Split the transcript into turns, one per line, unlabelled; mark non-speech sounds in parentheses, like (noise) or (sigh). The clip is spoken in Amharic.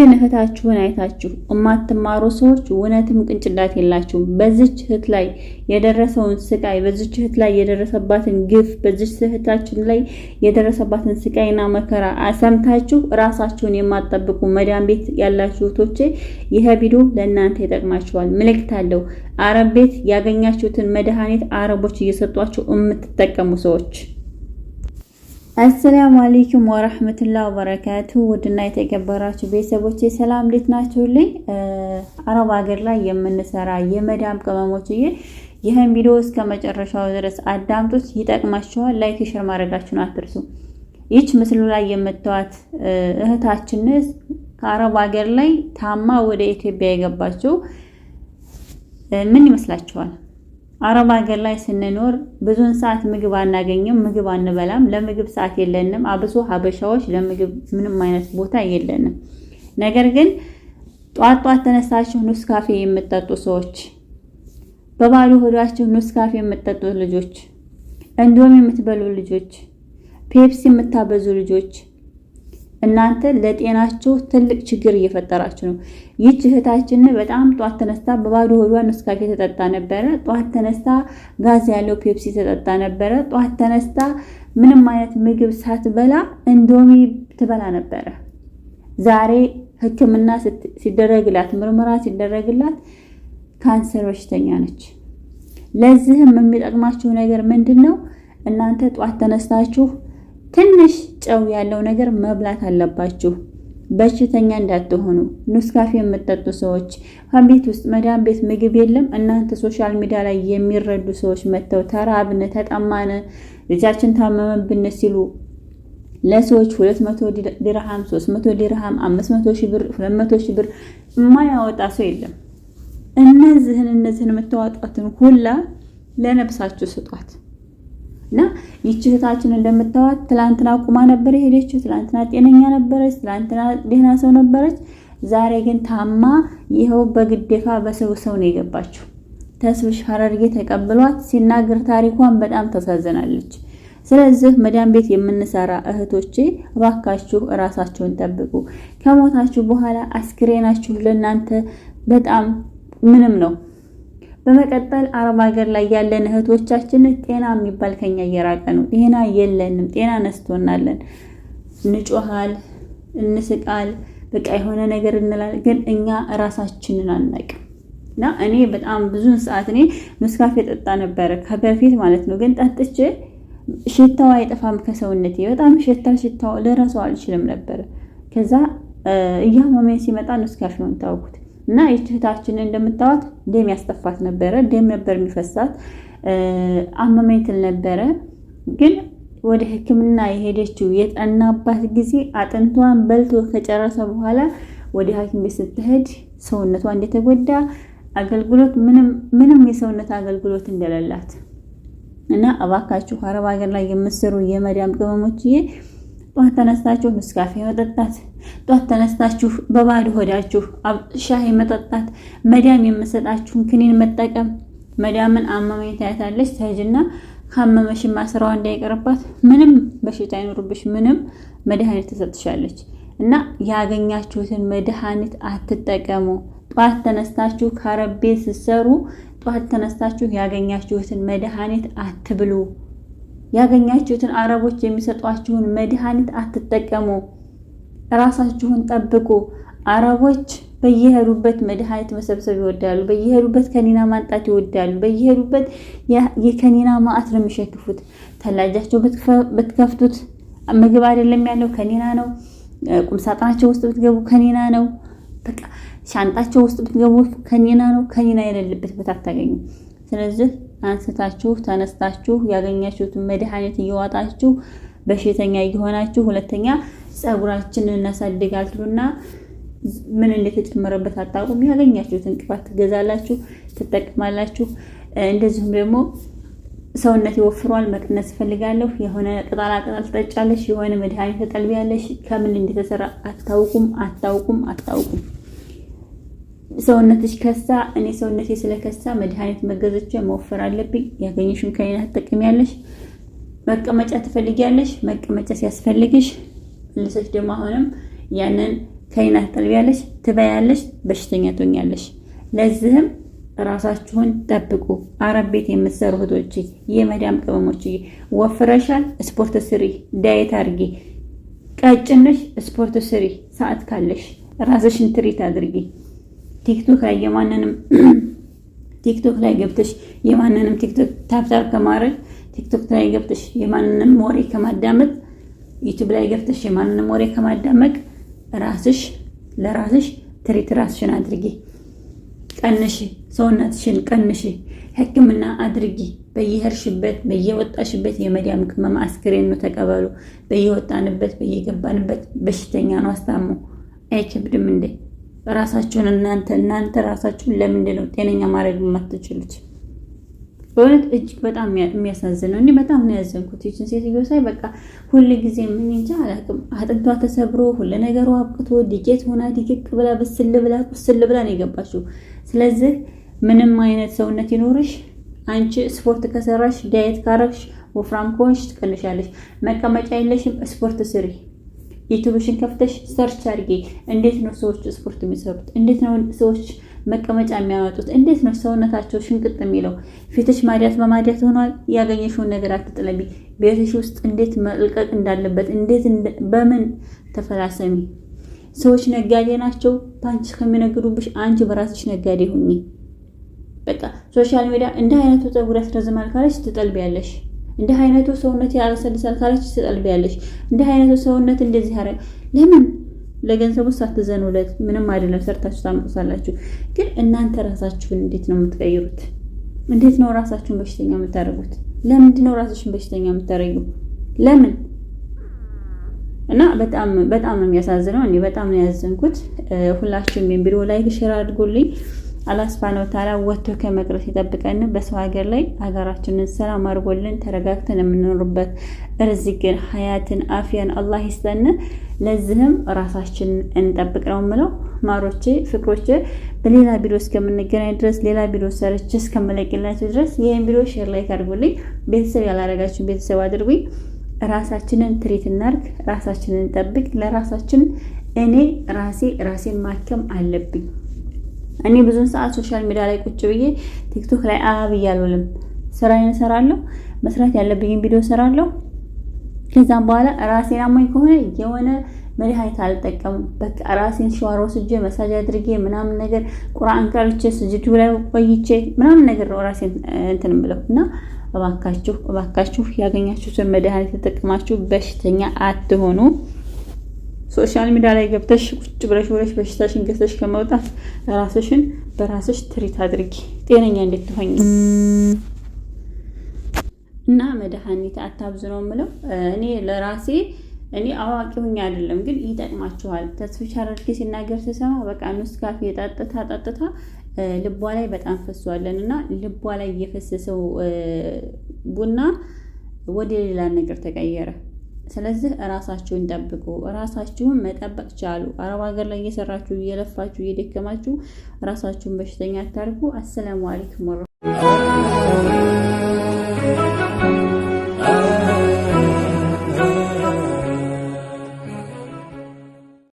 ይችን እህታችሁን አይታችሁ እማትማሩ ሰዎች እውነትም ቅንጭላት የላችሁም። በዚች እህት ላይ የደረሰውን ስቃይ፣ በዚች እህት ላይ የደረሰባትን ግፍ፣ በዚች እህታችን ላይ የደረሰባትን ስቃይና መከራ አሰምታችሁ ራሳችሁን የማጠብቁ መዳን ቤት ያላችሁ እህቶቼ ይህ ቪዲዮ ለእናንተ ይጠቅማችኋል። ምልክት አለው። አረብ ቤት ያገኛችሁትን መድኃኒት አረቦች እየሰጧችሁ የምትጠቀሙ ሰዎች አሰላሙ አሌይኩም ወረህመቱላ ወበረካቱ ውድና የተከበራችሁ ቤተሰቦች ሰላም እንዴት ናችሁልኝ? አረብ ሀገር ላይ የምንሰራ የመዳም ቅመሞችዬ ይህን ቪዲዮ እስከ መጨረሻው ድረስ አዳምጦች ይጠቅማችኋል። ላይክ ሸር ማድረጋችሁን አትርሱ። ይች ምስሉ ላይ የምታዋት እህታችን ከአረብ ሀገር ላይ ታማ ወደ ኢትዮጵያ የገባችው ምን ይመስላችኋል? አረብ ሀገር ላይ ስንኖር ብዙውን ሰዓት ምግብ አናገኝም፣ ምግብ አንበላም፣ ለምግብ ሰዓት የለንም። አብሶ ሀበሻዎች ለምግብ ምንም አይነት ቦታ የለንም። ነገር ግን ጧት ጧት ተነሳችሁ ኑስ ካፌ የምጠጡ ሰዎች፣ በባዶ ሆዳችሁ ኑስ ካፌ የምጠጡ ልጆች፣ እንዲሁም የምትበሉ ልጆች፣ ፔፕሲ የምታበዙ ልጆች እናንተ ለጤናችሁ ትልቅ ችግር እየፈጠራችሁ ነው። ይህች እህታችን በጣም ጠዋት ተነስታ በባዶ ሆዷ ነስካፌ ተጠጣ ነበረ። ጠዋት ተነስታ ጋዝ ያለው ፔፕሲ ተጠጣ ነበረ። ጠዋት ተነስታ ምንም አይነት ምግብ ሳትበላ እንዶሚ ትበላ ነበረ። ዛሬ ሕክምና ሲደረግላት ምርመራ ሲደረግላት ካንሰር በሽተኛ ነች። ለዚህም የሚጠቅማችሁ ነገር ምንድን ነው? እናንተ ጠዋት ተነስታችሁ ትንሽ ጨው ያለው ነገር መብላት አለባችሁ። በሽተኛ እንዳትሆኑ። ኑስካፊ የምትጠጡ ሰዎች ከቤት ውስጥ መዳን ቤት ምግብ የለም። እናንተ ሶሻል ሚዲያ ላይ የሚረዱ ሰዎች መጥተው ተራብነ፣ ተጠማነ፣ ልጃችን ታመመብን ሲሉ ለሰዎች 200 ድርሃም፣ 300 ድርሃም፣ 500 ሺህ ብር፣ 200 ሺህ ብር የማያወጣ ሰው የለም። እነዚህን እነዚህን የምታወጣትን ሁላ ለነብሳችሁ ስጧት። እና ይቺ እህታችን እንደምታዋት ትላንትና ቁማ ነበር የሄደችው። ትላንትና ጤነኛ ነበረች። ትላንትና ደህና ሰው ነበረች። ዛሬ ግን ታማ ይኸው በግዴፋ በሰው ሰው ነው የገባችው። ተስብሽ ሐረርጌ ተቀብሏት ሲናገር ታሪኳን በጣም ተሳዘናለች። ስለዚህ መዳን ቤት የምንሰራ እህቶቼ እባካችሁ እራሳችሁን ጠብቁ። ከሞታችሁ በኋላ አስክሬናችሁ ለእናንተ በጣም ምንም ነው በመቀጠል አረብ ሀገር ላይ ያለን እህቶቻችን ጤና የሚባል ከኛ እየራቀ ነው። ጤና የለንም። ጤና ነስቶናለን። እንጮሃል፣ እንስቃል፣ በቃ የሆነ ነገር እንላል፣ ግን እኛ እራሳችንን አናውቅም። እና እኔ በጣም ብዙን ሰዓት እኔ መስካፌ ጠጣ ነበረ ከበፊት ማለት ነው። ግን ጠጥቼ ሽታው አይጠፋም ከሰውነቴ በጣም ሽታ ሽታው ልረሳው አልችልም ነበር። ከዛ እያመመኝ ሲመጣ መስካፌውን ታውኩት። እና ይችህታችንን እንደምታዋት ደም ያስጠፋት ነበረ። ደም ነበር የሚፈሳት። አመመኝ ትል ነበረ። ግን ወደ ሕክምና የሄደችው የጠናባት ጊዜ አጥንቷን በልቶ ከጨረሰ በኋላ ወደ ሐኪም ቤት ስትሄድ ሰውነቷ እንደተጎዳ አገልግሎት ምንም የሰውነት አገልግሎት እንደሌላት እና እባካችሁ አረብ ሀገር ላይ የምትሰሩ የመዳም ቅመሞችዬ ጧት ተነስታችሁ ምስካፌ መጠጣት፣ ጧት ተነስታችሁ በባዶ ሆዳችሁ ሻሂ መጠጣት፣ መዳም የምሰጣችሁን ክኒን መጠቀም። መዳምን አመመኝ ታያታለች። ተጅና ካመመሽማ ስራዋ እንዳይቀርባት ምንም በሽታ አይኖርብሽ፣ ምንም መድኃኒት ትሰጥሻለች እና ያገኛችሁትን መድኃኒት አትጠቀሙ። ጧት ተነስታችሁ ካረቤ ስትሰሩ ጧት ተነስታችሁ ያገኛችሁትን መድኃኒት አትብሉ። ያገኛችሁትን አረቦች የሚሰጧችሁን መድኃኒት አትጠቀሙ። ራሳችሁን ጠብቁ። አረቦች በየሄዱበት መድኃኒት መሰብሰብ ይወዳሉ። በየሄዱበት ከኒና ማንጣት ይወዳሉ። በየሄዱበት የከኒና ማዕት ነው የሚሸክፉት። ተላጃቸው ብትከፍቱት ምግብ አይደለም ያለው ከኒና ነው። ቁምሳጥናቸው ውስጥ ብትገቡ ከኒና ነው። በቃ ሻንጣቸው ውስጥ ብትገቡ ከኒና ነው። ከኒና የሌለበት ቦታ አታገኙ። ስለዚህ አንስታችሁ ተነስታችሁ ያገኛችሁትን መድኃኒት እየዋጣችሁ በሽተኛ እየሆናችሁ ሁለተኛ ጸጉራችንን እናሳድጋል ምን እንደተጨመረበት አታውቁም። ያገኛችሁትን ቅባት ትገዛላችሁ፣ ትጠቅማላችሁ። እንደዚሁም ደግሞ ሰውነት ይወፍሯል፣ መቀነስ ፈልጋለሁ የሆነ ቅጠላ ቅጠል ትጠጫለሽ፣ የሆነ መድኃኒት ተጠልቢያለሽ። ከምን እንደተሰራ አታውቁም፣ አታውቁም፣ አታውቁም። ሰውነትሽ ከሳ እኔ ሰውነቴ ስለከሳ መድኃኒት መገዘቻ መወፈር አለብኝ። ያገኘሽን ከኔና ትጠቅሚያለሽ። መቀመጫ ትፈልጊያለሽ። መቀመጫ ሲያስፈልግሽ ልሰች ደግሞ አሁንም ያንን ከኔና ትጠልቢያለሽ፣ ትበያለሽ፣ በሽተኛ ትሆኛለሽ። ለዚህም ራሳችሁን ጠብቁ። አረብ ቤት የምትሰሩ እህቶች፣ የመዳም ቅመሞች ወፍረሻል፣ ስፖርት ስሪ፣ ዳየት አድርጊ። ቀጭነሽ፣ ስፖርት ስሪ። ሰዓት ካለሽ ራስሽን ትሪት አድርጊ። ቲክቶክ ላይ የማንንም (clears throat) ቲክቶክ ላይ ገብተሽ የማንንም ቲክቶክ ታብታብ ከማድረግ ቲክቶክ ላይ ገብተሽ የማንንም ወሬ ከማዳመጥ ዩቱብ ላይ ገብተሽ የማንንም ወሬ ከማዳመቅ ራስሽ ለራስሽ ትሪት ራስሽን አድርጊ። ቀንሽ፣ ሰውነትሽን ቀንሽ፣ ህክምና አድርጊ። በየሄድሽበት በየወጣሽበት የመዲያም ቅመማ አስክሬን ነው ተቀበሉ። በየወጣንበት በየገባንበት በሽተኛ ነው አስታሙ። አይከብድም እንዴ? ራሳችሁን እናንተ እናንተ ራሳችሁን ለምንድን ነው ጤነኛ ማድረግ የማትችሉት? በእውነት እጅግ በጣም የሚያሳዝን ነው። እኔ በጣም ነው ያዘንኩት ይችን ሴትዮ ሳይ። በቃ ሁል ጊዜ ምን እንጃ አላውቅም፣ አጥንቷ ተሰብሮ ሁለ ነገሩ አብቅቶ ዲቄት ሆና ዲቅቅ ብላ ብስል ብላ ቁስል ብላ ነው የገባችው። ስለዚህ ምንም አይነት ሰውነት ይኖርሽ አንቺ ስፖርት ከሰራሽ ዳየት ካረግሽ ወፍራም ከሆንሽ ትቀንሻለሽ። መቀመጫ የለሽም፣ ስፖርት ስሪ። ዩቱብሽን ከፍተሽ ሰርች አድርጌ እንዴት ነው ሰዎች ስፖርት የሚሰሩት? እንዴት ነው ሰዎች መቀመጫ የሚያመጡት? እንዴት ነው ሰውነታቸው ሽንቅጥ የሚለው? ፊትሽ ማዲያት በማዲያት ሆኗል። ያገኘሽውን ነገር አትጥለቢ። ቤትሽ ውስጥ እንዴት መልቀቅ እንዳለበት እንዴት በምን ተፈላሰሚ። ሰዎች ነጋዴ ናቸው። በአንቺ ከሚነግዱብሽ አንቺ በራስሽ ነጋዴ ሁኚ። በቃ ሶሻል ሚዲያ እንደ አይነቱ ፀጉር ያስረዝማል ካለች ትጠልቢያለሽ። እንደ አይነቱ ሰውነት ያለሰልሳል ካለች ትጠልቢያለሽ። እንደ አይነቱ ሰውነት እንደዚህ ያረ ለምን ለገንዘቡ ሳትዘኑለት ምንም አይደለም፣ ሰርታችሁ ታምጡታላችሁ። ግን እናንተ ራሳችሁን እንዴት ነው የምትቀይሩት? እንዴት ነው ራሳችሁን በሽተኛ የምታደርጉት? ለምንድን ነው ራሳችሁን በሽተኛ የምታደርጉት? ለምን እና በጣም በጣም ነው የሚያሳዝነው። እኔ በጣም ነው ያዘንኩት። ሁላችሁም ቢሮ ላይክ ሼር አድርጉልኝ። አላህ ሱብሐነሁ ወተዓላ ወጥቶ ከመቅረት ይጠብቀን። በሰው ሀገር ላይ ሀገራችንን ሰላም አድርጎልን ተረጋግተን የምንኖርበት ርዝቅን፣ ሀያትን፣ አፍያን አላህ ይስጠን። ለዚህም ራሳችንን እንጠብቅ ነው የምለው። ማሮቼ ፍቅሮቼ፣ በሌላ ቢሮ እስከምንገናኝ ድረስ ሌላ ቪዲዮ ሰርች እስከምለቅላችሁ ድረስ ይህን ቪዲዮ ሼር ላይክ አድርጉልኝ። ቤተሰብ ያላረጋችሁን ቤተሰብ አድርጉኝ። ራሳችንን ትሪት እናርግ፣ ራሳችንን እንጠብቅ። ለራሳችን እኔ ራሴ ራሴን ማከም አለብኝ። እኔ ብዙን ሰዓት ሶሻል ሚዲያ ላይ ቁጭ ብዬ ቲክቶክ ላይ አብ እያልውልም ስራዬን እሰራለሁ። መስራት ያለብኝን ቪዲዮ እሰራለሁ። ከዛም በኋላ ራሴን አሞኝ ከሆነ የሆነ መድኃኒት አልጠቀምም። በቃ ራሴን ሸዋር ወስጄ መሳጅ አድርጌ ምናምን ነገር ቁርአን ቀርቼ ስጅቱ ላይ ቆይቼ ምናምን ነገር ነው ራሴን እንትን ብለው እና እባካችሁ እባካችሁ ያገኛችሁትን መድኃኒት ተጠቅማችሁ በሽተኛ አትሆኑ። ሶሻል ሚዲያ ላይ ገብተሽ ቁጭ ብለሽ ብለሽ በሽታሽን ገዝተሽ ከመውጣት ራስሽን በራስሽ ትሪት አድርጊ፣ ጤነኛ እንዴት ትሆኝ እና መድኃኒት አታብዝ ነው የምለው እኔ ለራሴ እኔ አዋቂ አይደለም፣ ግን ይጠቅማችኋል። ተስፍቻ ረድጌ ሲናገር ስሰማ በቃ ኑስ ካፌ ጣጥታ ልቧ ላይ በጣም ፈሷለን እና ልቧ ላይ የፈሰሰው ቡና ወደ ሌላ ነገር ተቀየረ። ስለዚህ እራሳችሁን ጠብቁ። እራሳችሁን መጠበቅ ቻሉ። አረብ ሀገር ላይ እየሰራችሁ እየለፋችሁ እየደከማችሁ እራሳችሁን በሽተኛ አታርጉ። አሰላሙ አለይኩም ወረ